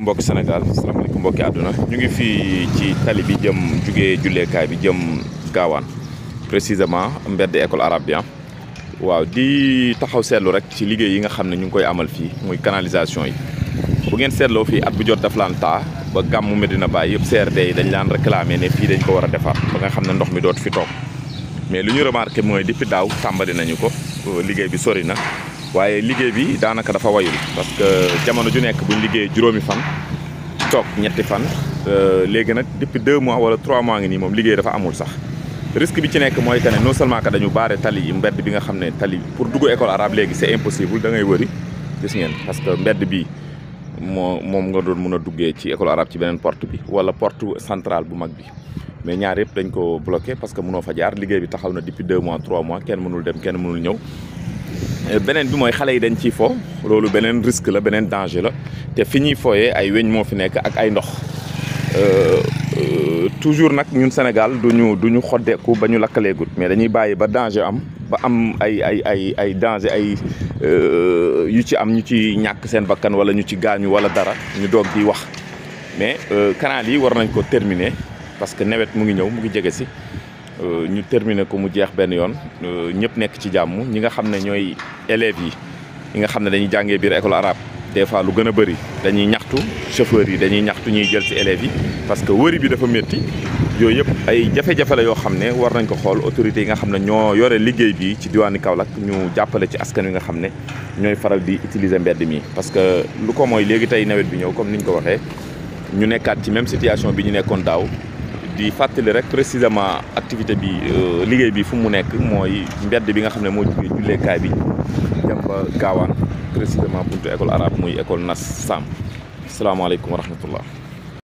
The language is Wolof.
mbokki Sénégal salaamaaleykum mbokki àdduna ñu ngi fii ci tali bi jëm jugee julleekaay bi jëm gaawaan précisément mbedd école arabe bi ah. waaw di taxaw seetlu rek ci liggéey yi nga xam ne ñu ngi koy amal fii muy canalisation yi bu ngeen seetloo fii at bu jot daf laan taa ba gàmmu Medina Baye yëpp CRD yi dañ laan réclamé ne fii dañ ko war a defar ba nga xam ne ndox mi doot fi toog mais lu ñu remarqué mooy depuis daaw tàmbali nañu ko euh, liggéey bi sori na waye liggey bi daanaka dafa wayul parce que jamono ju nek buñ liggey juromi fan tok ñetti fan euh, léegi nak depuis 2 mois wala 3 mois ngi ni mom liggey dafa amul sax risque bi ci nek moy tane non seulement ka dañu baare tali yi mbedd bi nga xam tali pour duggu école arabe léegi c'est impossible da ngay wëri gis ngeen parce que mbedd bi mom nga doon mëna duggé ci école arabe ci benen porte bi wala porte centrale bu mag bi mais ñaar yépp dañ ko bloquer parce que mëno fa jaar liggey bi taxaw na depuis 2 mois 3 mois kenn mënul dem kenn mënul ñëw benen bi moy xalé yi dañ ci fo loolu benen risque la benen danger la té fiñuy foyé ay weñ mo fi nek ak ay ndox euh, euh, toujours nak ñun Sénégal duñu duñu ku bañu lakalé lakkaleegut mais dañuy bayyi ba danger am ba am ay ay ay ay danger ay euh, yu ci am ñu ci ñak seen bakkan wala ñu ci gañu wala dara ñu dog di wax mais canal yi war nañ ko terminer parce que nevet mu ngi ñew mu ngi jege si Euh, ñu terminer ko mu jeex benn yoon euh, ñëpp nekk ci jàmm ñi nga xam ne ñooy élèves yi yi nga xam ne dañuy jàngee biir école arabe des fois lu gën a bëri dañuy ñaxtu chauffeurs yi dañuy ñaxtu ñuy jël ci élèves yi parce que wëri bi dafa métti yooyu yëpp ay jafe-jafe la yoo xam ne war nañ ko xool autorités yi nga xam ne ñoo yore liggéey bi ci diwaani Kaolack ñu jàppale ci askan wi nga xam ne ñooy faral di utiliser mbedd mi parce que lu ko mooy léegi tey nawet bi ñëw comme niñ ko waxee ñu nekkaat ci même situation bi ñu nekkoon daaw di fàttali rek précisément activité bi euh, liggéey bi fu mu nekk mooy mbedd bi nga xam ne moo jugee julleekaay bi jëm ba gaawaan précisément buntu école arabe muy école Nas Sam asalaamaaleykum wa